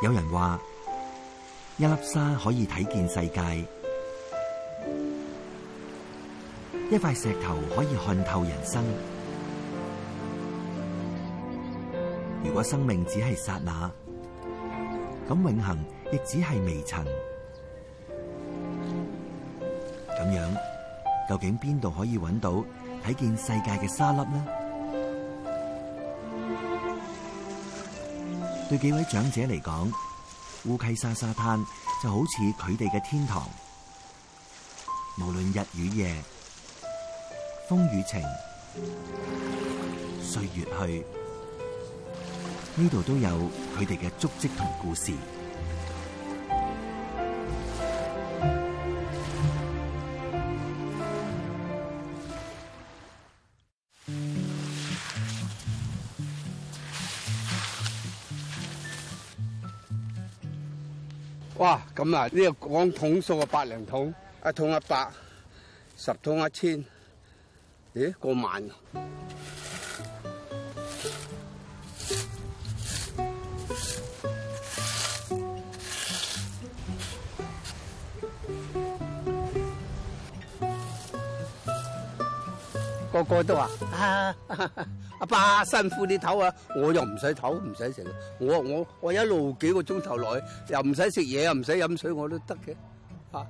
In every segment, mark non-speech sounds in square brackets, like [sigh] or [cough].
有人話：一粒沙可以睇見世界，一塊石頭可以看透人生。如果生命只係剎那，咁永恒亦只係微塵。咁樣，究竟邊度可以搵到睇見世界嘅沙粒呢？對幾位長者嚟講，烏溪沙沙灘就好似佢哋嘅天堂，無論日與夜、風雨晴，歲月去，呢度都有佢哋嘅足跡同故事。咁啊，呢、呢個講桶數啊，百零桶，一桶一百，十桶一千，咦？過萬、啊、個個都話啊！哈哈阿爸，爸辛苦啲唞啊！我又唔使唞，唔使食。我我我一路幾個鐘頭內又唔使食嘢，又唔使飲水，我都得嘅啊！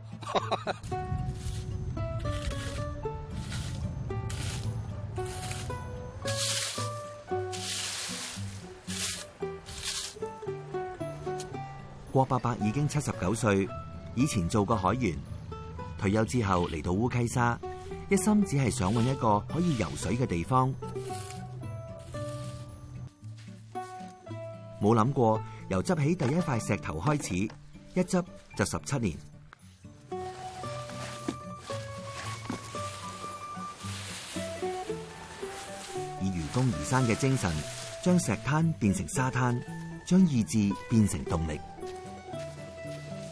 郭 [laughs] 伯伯已經七十九歲，以前做過海員，退休之後嚟到烏溪沙，一心只係想揾一個可以游水嘅地方。冇諗過，由執起第一塊石頭開始，一執就十七年，以愚公移山嘅精神，將石灘變成沙灘，將意志變成動力。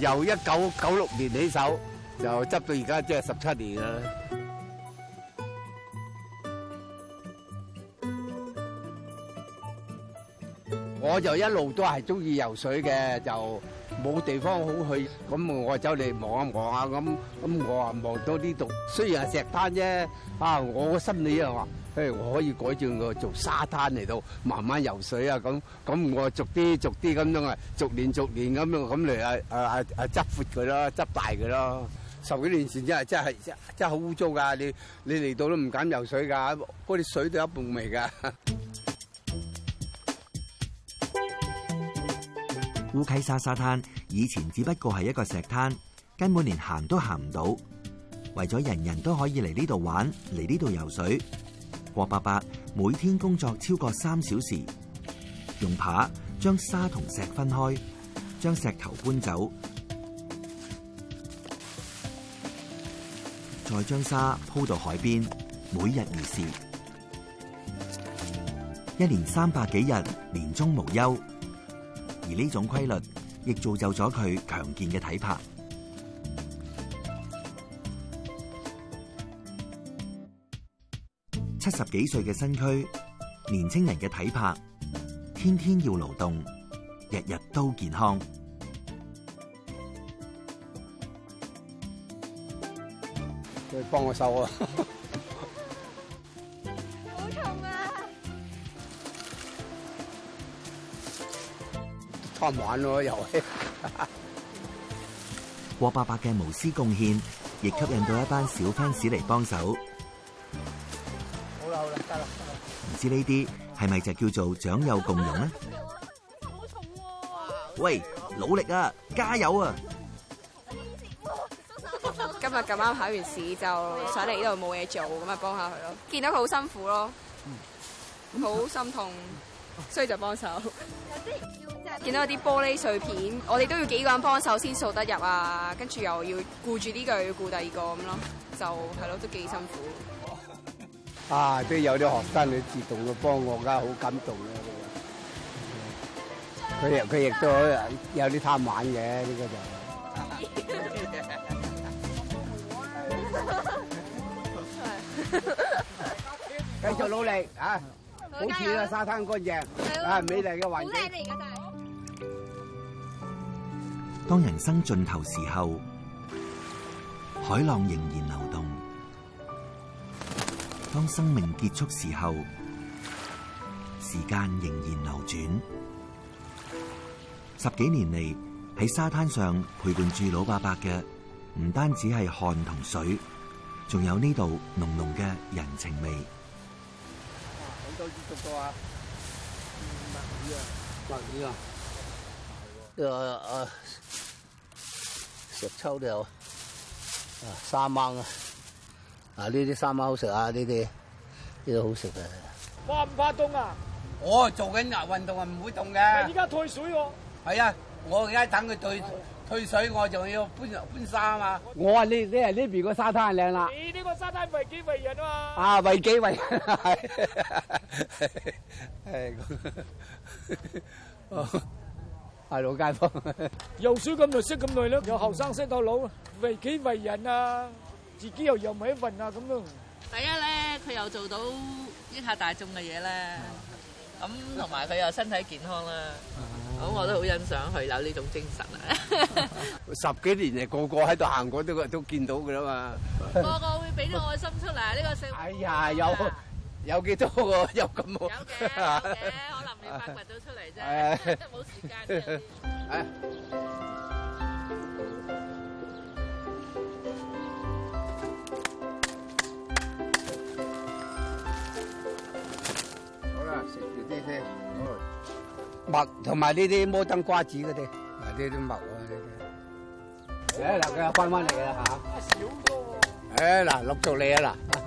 由一九九六年起手，就執到而家，即係十七年啦。我就一路都係中意游水嘅，就冇地方好去，咁我走嚟望一望下，咁咁我啊望到呢度，雖然係石灘啫，啊，我個心理又話，誒，我可以改造個做沙灘嚟到，慢慢游水啊，咁咁我逐啲逐啲咁樣，逐年逐年咁樣咁嚟啊啊啊執闊佢咯，執大佢咯，十幾年前真係真係真係好污糟，噶，你你嚟到都唔敢游水噶，嗰啲水都一半味噶。烏溪沙沙灘以前只不過係一個石灘，根本連行都行唔到。為咗人人都可以嚟呢度玩、嚟呢度游水，郭伯伯每天工作超過三小時，用耙將沙同石分開，將石頭搬走，再將沙鋪到海邊，每日如是，一年三百幾日，年中無休。而呢種規律，亦造就咗佢強健嘅體魄。七十幾歲嘅身軀，年青人嘅體魄，天天要勞動，日日都健康。再幫我收啊！玩咯遊戲，郭伯伯嘅無私貢獻，亦吸引到一班小 fans 嚟幫手。唔知呢啲係咪就叫做長幼共融咧？喂，努力啊，加油啊！今日咁啱考完試，就上嚟呢度冇嘢做，咁啊幫下佢咯。見到佢好辛苦咯，好心痛，所以就幫手。見到有啲玻璃碎片，我哋都要幾個人幫手先掃得入啊！跟住又要顧住呢個，要顧第二個咁咯，就係咯，都幾辛苦。啊！都有啲學生去自動去幫我，㗎好感動啊！佢亦佢亦都有啲貪玩嘅呢個就。繼續努力啊！好似啦、啊，沙灘乾淨，啊對，美麗嘅環境。好當人生盡頭時候，海浪仍然流動；當生命結束時候，時間仍然流轉。十幾年嚟喺沙灘上陪伴住老伯伯嘅，唔單止係汗同水，仲有呢度濃濃嘅人情味。就煮熟咗啊！墨魚啊，墨魚啊，係喎。啊啊，石抽都有啊，啊沙翁啊，啊呢啲沙翁好食啊，呢啲呢啲好食嘅。怕唔怕凍啊？我做緊運動啊，唔會凍嘅。而家退水喎。係啊，我而家等佢退。去水我仲要搬搬沙啊嘛！我話你你係呢邊個沙灘靚啦！你呢個沙灘為己為人啊嘛！啊為己為人，係係老街坊游水咁耐識咁耐咯，由後生識到老，為己為人啊，自己又又埋一份啊咁咯。第一咧，佢又做到益下大眾嘅嘢啦，咁同埋佢又身體健康啦。咁我都好欣賞佢有呢種精神啊！十幾年嚟，個個喺度行過都都見到㗎啦嘛，個個會俾啲愛心出嚟呢個社會。哎呀，有有幾多個？有咁多？有嘅，有嘅，可能未發掘到出嚟啫，即係冇時間嗰啲。哎，好啦，食住啲先，好。麥同埋呢啲摩登瓜子嗰啲，嗱呢啲麥咯呢啲。誒嗱，佢又翻返嚟啦嚇。少多。誒嗱陸續嚟啊嗱，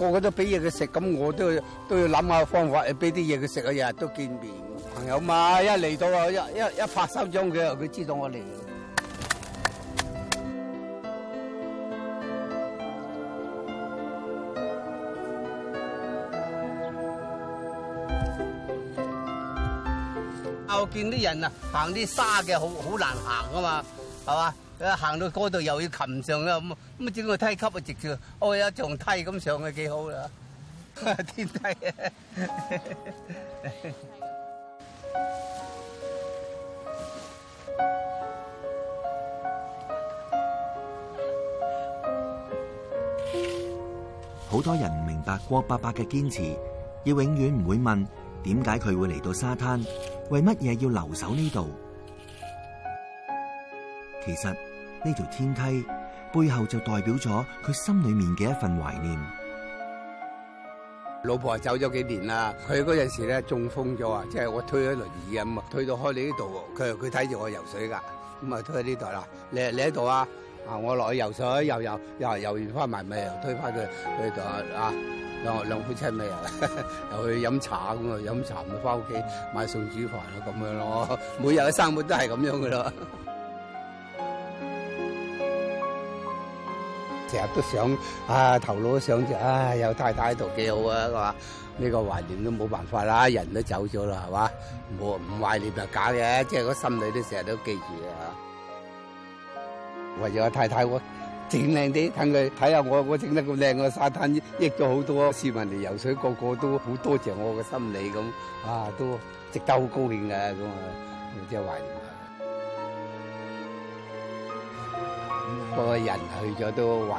個個都俾嘢佢食，咁我都都要諗下方法，俾啲嘢佢食啊！日日都見面朋友嘛，一嚟到一一一拍手掌佢，佢知道我嚟。見啲人啊，行啲沙嘅好好難行啊嘛，係嘛？誒，行到嗰度又要擒上嘅咁，咁啊整個梯級啊直住開，哎，有幢梯咁上去幾好啦。天梯啊！好多人唔明白郭伯伯嘅堅持，要永遠唔會問點解佢會嚟到沙灘。為乜嘢要留守呢度？其實呢條天梯背後就代表咗佢心裏面嘅一份懷念。老婆走咗幾年啦，佢嗰陣時咧中風咗啊，即係我推咗輪椅啊，咁啊推到開你呢度，佢佢睇住我游水噶，咁啊推到呢度啦，你你喺度啊，啊我落去游水，又游又游完翻埋咪又推翻佢佢度啊。兩兩夫妻咪又 [laughs] 又去飲茶咁啊，飲茶咪翻屋企買餸煮飯咯，咁樣咯，每日嘅生活都係咁樣噶咯。成 [laughs] 日都想啊，頭腦都想住啊，有太太喺度幾好啊，係嘛？呢個懷念都冇辦法啦，人都走咗啦，係嘛？我唔懷念假的就假嘅，即係個心裏都成日都記住啊。唯有太太整靚啲，等佢睇下我，我整得咁靚個沙灘，益咗好多市民嚟游水，個個都好多謝我嘅心理咁，啊都，值得好高興嘅咁啊，即係懷念佢。個人去咗都懷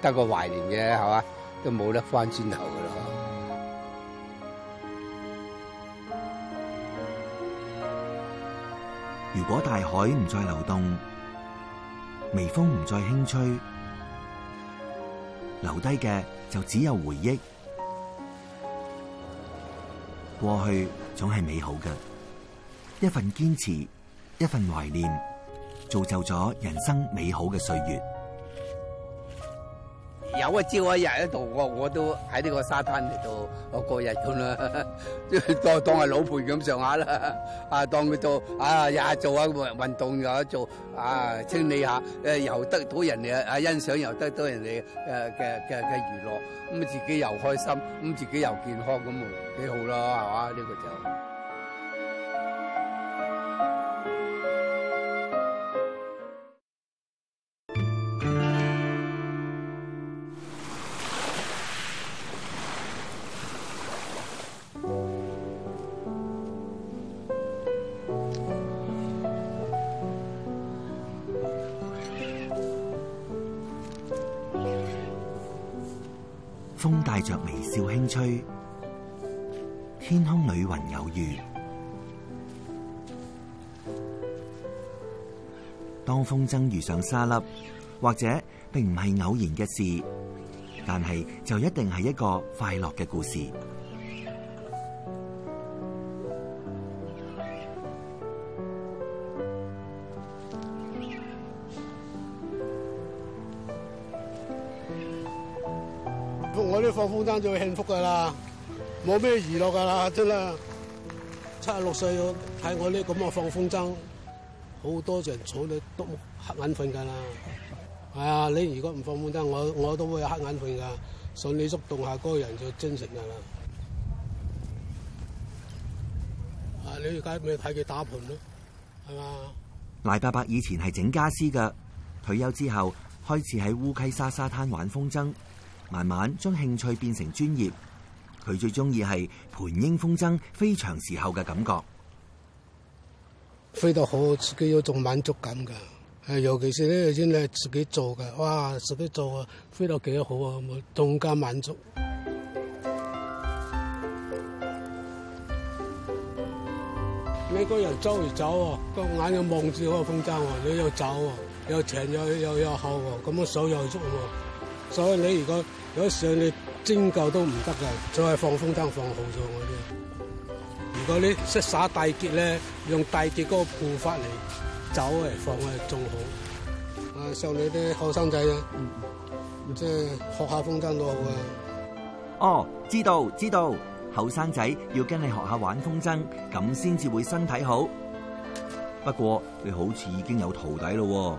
得個懷念嘅係嘛，都冇得翻轉頭噶啦。如果大海唔再流動。微風唔再輕吹，留低嘅就只有回憶。過去總係美好嘅，一份堅持，一份懷念，造就咗人生美好嘅歲月。走一朝一日喺度，我我都喺呢個沙灘嚟度。我過日咁啦， [laughs] 當 [laughs] 當係老伴咁上下啦，啊當佢做啊日做下運動又做啊清理下，誒又得到人哋啊欣賞，又得到人哋誒嘅嘅嘅娛樂，咁、嗯、自己又開心，咁、嗯、自己又健康，咁、嗯、幾好啦，係嘛呢個就。風帶着微笑輕吹，天空裏雲有餘。當風箏遇上沙粒，或者並唔係偶然嘅事，但係就一定係一個快樂嘅故事。生最幸福噶啦，冇咩娛樂噶啦，真啦。七十六歲睇我呢咁嘅放風箏，好多人坐喺度都黑眼瞓噶啦。係、哎、啊，你如果唔放風箏，我我都會有黑眼瞓噶。手裏郁動下，嗰個人就精神噶啦。啊，你而家咪睇佢打盤咯，係嘛？賴伯伯以前係整家私嘅，退休之後開始喺烏溪沙沙灘玩風箏。慢慢將興趣變成專業，佢最中意係盤鷹風箏飛翔時候嘅感覺，飛得好自己有種滿足感噶，尤其是呢先你自己做嘅，哇，自己做啊飛到幾好啊，仲加滿足。你個人周圍走個眼又望住個風箏喎，你要走又,前又,又,又,好又走喎，又長又又又厚喎，咁我手又喐喎。所以你如果有時候，你蒸夠都唔得噶，就係放風箏放好咗我啲。如果你識耍大結咧，用大結嗰個步法嚟走嚟放啊，仲好。啊，上你啲後生仔啊，即係學下風箏都好啊。哦，知道知道，後生仔要跟你學下玩風箏，咁先至會身體好。不過你好似已經有徒弟咯。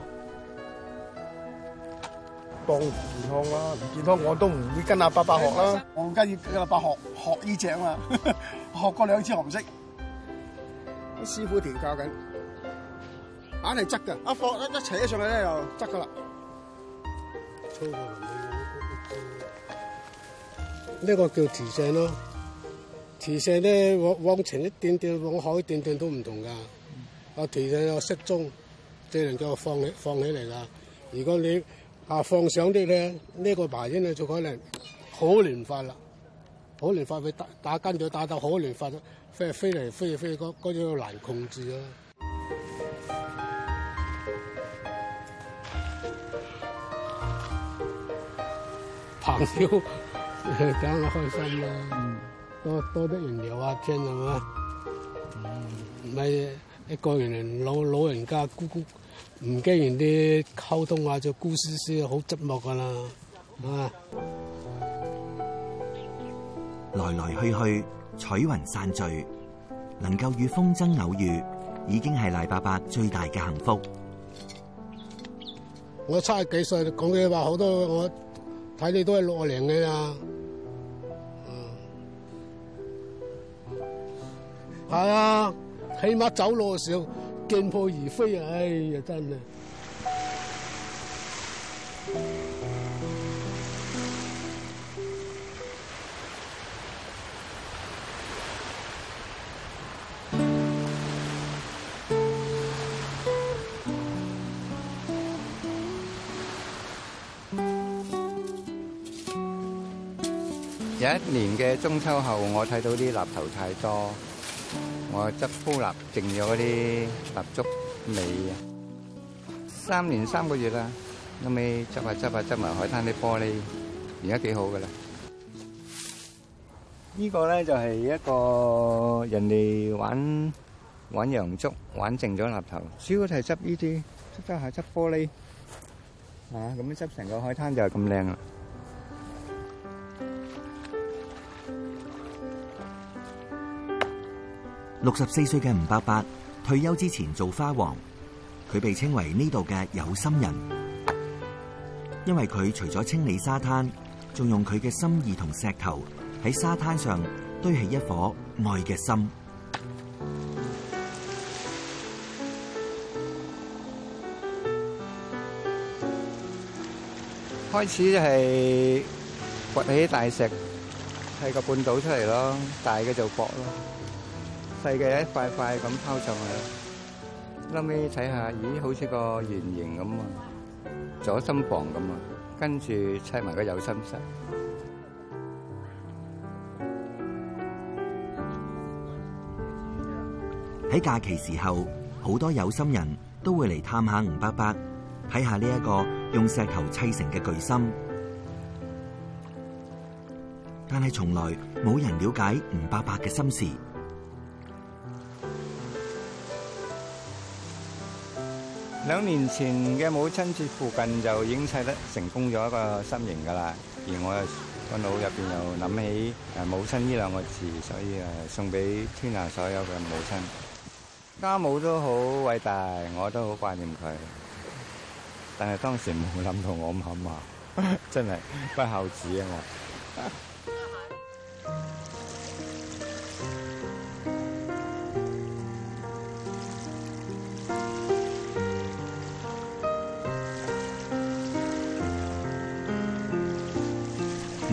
健康啦、啊，唔健康我都唔會跟阿伯伯學啦、啊。我跟阿伯學學呢隻嘛， [laughs] 學過兩次學唔識。啲師傅調教緊，硬係執嘅，放一放一一扯上去咧又執噶啦。呢、這個叫調正咯，調正咧往往前一點點，往後一點點都唔同噶。我調正又適中，即係能夠放起放起嚟啦。如果你啊，放上啲呢、呢個牌子就可能好亂發啦，好亂發會打打跟住打到可亂發了，飛嚟飛嚟飛去，飛嗰嗰種難控制啦。 [noise] 朋友，梗係開心啦，多多啲人聊下天係嘛？唔係、嗯、一個人老老人家孤孤。唔經然啲溝通啊，就姑思思，好寂寞噶啦，啊！來來去去，彩雲散聚，能夠與風箏偶遇，已經係黎伯伯最大嘅幸福。我七十幾歲講嘅話好多，我睇你都係六十零嘅啦，嗯，係啊，起碼走路嘅時候。見破而飛啊！哎呀，真係有一年嘅中秋後，我睇到啲蠟頭太多。我執煲蠟剩咗嗰啲蠟燭尾，三年三個月啦，後尾執下執下執埋海灘啲玻璃，而家幾好噶啦。呢個咧就係一個人哋玩玩洋燭玩剩咗蠟頭，主要就係執呢啲，執下執玻璃吓，咁樣執成個海灘就係咁靚啦。六十四歲嘅吳伯伯退休之前做花王，佢被稱為呢度嘅有心人，因為佢除咗清理沙灘，仲用佢嘅心意同石頭喺沙灘上堆起一顆愛嘅心。開始係掘起大石，砌個半島出嚟咯，大嘅就駁咯。細嘅一塊塊咁拋上去，後尾睇下，咦，好似個圓形咁啊，左心房咁啊，跟住砌埋個右心室。喺假期時候，好多有心人都會嚟探下吳伯伯，睇下呢一個用石頭砌成嘅巨心，但係從來冇人了解吳伯伯嘅心事。兩年前嘅母親節附近就已經砌得成功咗一個心形噶啦，而我又個腦入邊又諗起誒母親呢兩個字，所以誒送俾天下所有嘅母親。家母都好偉大，我都好掛念佢，但係當時冇諗到我媽媽，真係不孝子啊我。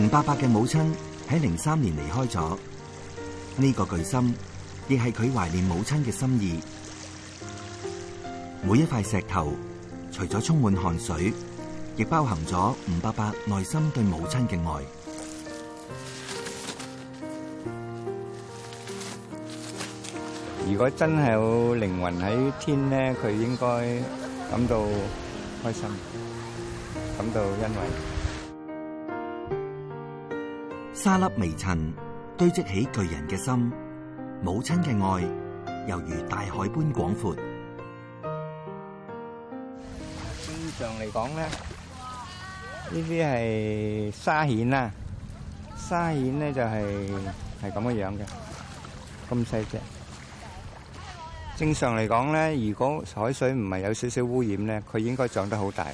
吳伯伯嘅母親喺零三年離開咗，呢個巨心亦係佢懷念母親嘅心意。每一塊石頭，除咗充滿汗水，亦包含咗吳伯伯內心對母親嘅愛。如果真係有靈魂喺天呢，佢應該感到開心，感到欣慰。沙粒微塵堆積起巨人嘅心，母親嘅愛猶如大海般廣闊。正常嚟講咧，呢啲係沙蜆啊，沙蜆咧就係係咁嘅樣嘅，咁細隻。正常嚟講咧，如果海水唔係有少少污染咧，佢應該長得好大，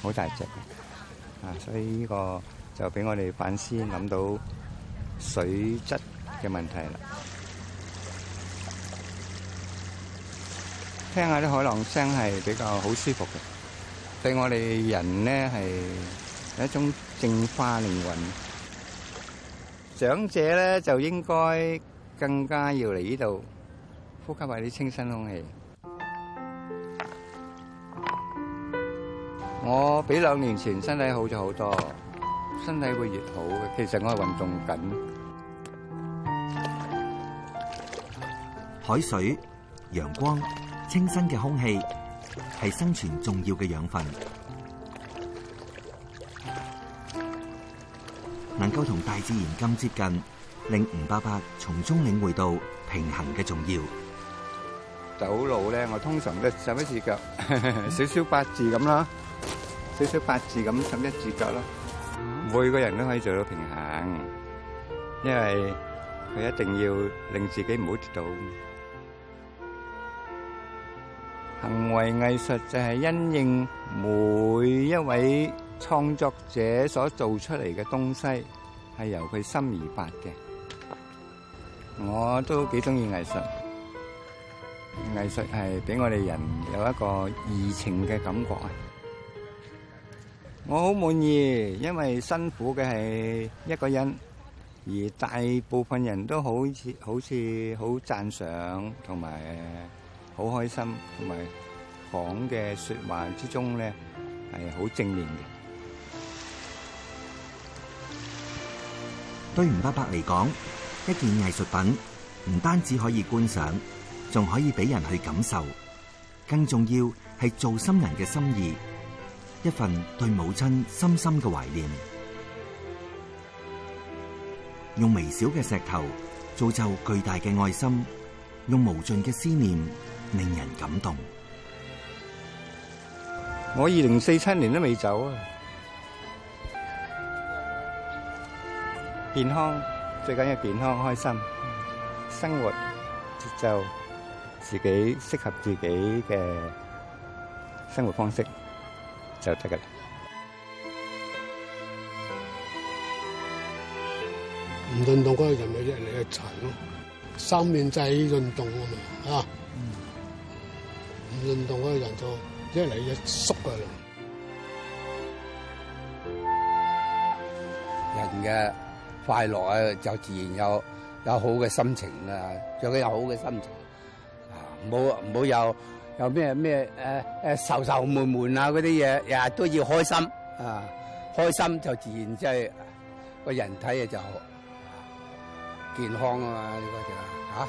好大隻嘅，啊，所以呢個。就俾我哋反思，諗到水質嘅問題啦。聽下啲海浪聲係比較好舒服嘅，對我哋人呢係一種淨化靈魂。長者咧就應該更加要嚟呢度呼吸下啲清新空氣。我比兩年前身體好咗好多。身體會越好嘅。其實我係運動緊，海水、陽光、清新嘅空氣係生存重要嘅養分，能夠同大自然咁接近，令吳伯伯從中領會到平衡嘅重要。走路咧，我通常都十一字腳，少少八字咁啦，少少八字咁十一字腳啦。每個人都可以做到平衡，因為佢一定要令自己唔好跌倒。行為藝術就係因應每一位創作者所做出嚟嘅東西，係由佢心而發嘅。我都幾中意藝術，藝術係俾我哋人有一個怡情嘅感覺啊！我好滿意，因為辛苦嘅係一個人，而大部分人都好似好似好讚賞同埋好開心，同埋講嘅説話之中咧係好正面嘅。對吳伯伯嚟講，一件藝術品唔單止可以觀賞，仲可以俾人去感受，更重要係做心人嘅心意。一份對母親深深嘅懷念，用微小嘅石頭造就巨大嘅愛心，用無盡嘅思念令人感動。我二零四七年都未走啊！健康最緊要健康開心，生活就自己適合自己嘅生活方式。就這個了，唔運動嗰個人咪越嚟越慘咯，生命就係運動啊嘛，吓，唔運動嗰個人就越嚟越縮，過人嘅快樂啊就自然有有好嘅心情啊，最緊要有好嘅心情啊，唔好有。有咩咩誒誒愁愁悶悶啊嗰啲嘢，日日都要開心啊！開心就自然即係個人體啊就健康啊嘛，呢個就嚇。啊